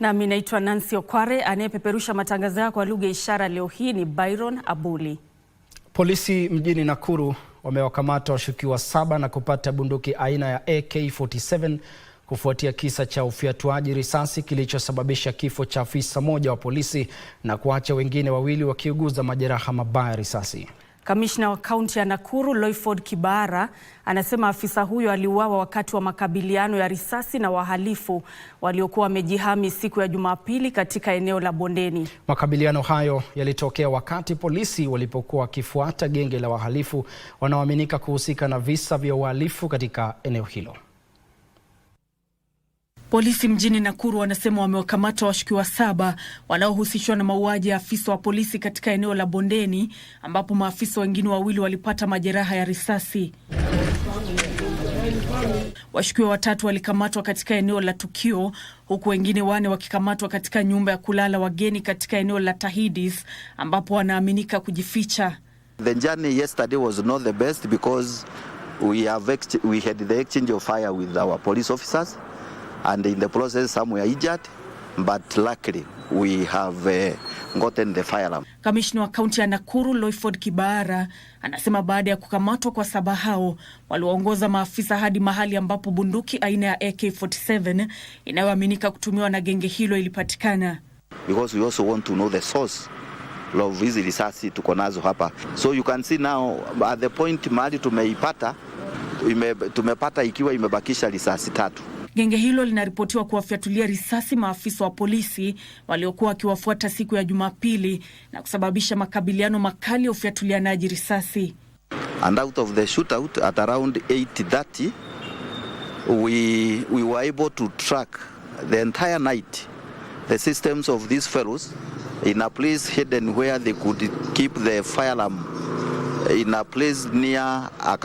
Nami naitwa Nancy Okware, anayepeperusha matangazo yao kwa lugha ya ishara leo hii ni Byron Abuli. Polisi mjini Nakuru wamewakamata washukiwa saba na kupata bunduki aina ya AK47 kufuatia kisa cha ufyatuaji risasi kilichosababisha kifo cha afisa mmoja wa polisi na kuacha wengine wawili wakiuguza majeraha mabaya risasi. Kamishna wa kaunti ya Nakuru Loyford Kibara anasema afisa huyo aliuawa wakati wa makabiliano ya risasi na wahalifu waliokuwa wamejihami siku ya Jumapili katika eneo la Bondeni. Makabiliano hayo yalitokea wakati polisi walipokuwa wakifuata genge la wahalifu wanaoaminika kuhusika na visa vya uhalifu katika eneo hilo. Polisi mjini Nakuru wanasema wamewakamata washukiwa saba wanaohusishwa na mauaji ya afisa wa polisi katika eneo la Bondeni ambapo maafisa wengine wawili walipata majeraha ya risasi. Washukiwa watatu walikamatwa katika eneo la tukio huku wengine wane wakikamatwa katika nyumba ya kulala wageni katika eneo la Tahidis ambapo wanaaminika kujificha. The journey yesterday was not the best because we have we had the exchange of fire with our police officers and in the process some were injured but luckily we have uh, gotten the fire alarm. Kamishna wa kaunti ya Nakuru Loyford Kibara anasema baada ya kukamatwa kwa saba hao waliwaongoza maafisa hadi mahali ambapo bunduki aina ya AK47 inayoaminika kutumiwa na genge hilo ilipatikana. Because we also want to know the source of hizi risasi tuko nazo hapa, so you can see now at the point mahali tumeipata, tumepata ikiwa imebakisha risasi tatu. Genge hilo linaripotiwa kuwafyatulia risasi maafisa wa polisi waliokuwa wakiwafuata siku ya Jumapili na kusababisha makabiliano makali ya ufyatulianaji risasi. And out of the shootout at around 8:30 we we were able to track the entire night the systems of these fellows in a place hidden where they could keep the firearm in a place near a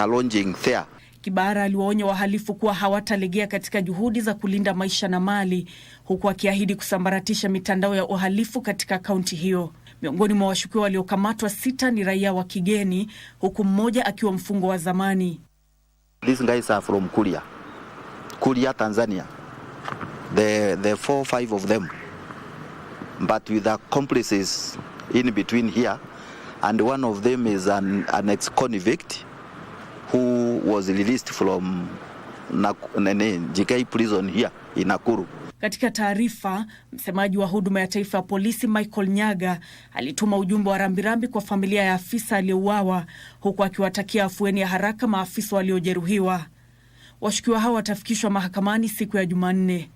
there Kibara aliwaonya wahalifu kuwa hawatalegea katika juhudi za kulinda maisha na mali, huku akiahidi kusambaratisha mitandao ya uhalifu katika kaunti hiyo. Miongoni mwa washukiwa waliokamatwa sita ni raia wa kigeni, huku mmoja akiwa mfungwa wa zamani. These guys are from Kuria. Kuria, Tanzania. The, the four, five of them. But with accomplices in between here and one of them is an, an ex-convict who was released from JK prison here in Nakuru. Katika taarifa, msemaji wa huduma ya taifa ya polisi Michael Nyaga alituma ujumbe wa rambirambi kwa familia ya afisa aliyeuawa huku akiwatakia afueni ya haraka maafisa waliojeruhiwa. Washukiwa hao watafikishwa mahakamani siku ya Jumanne.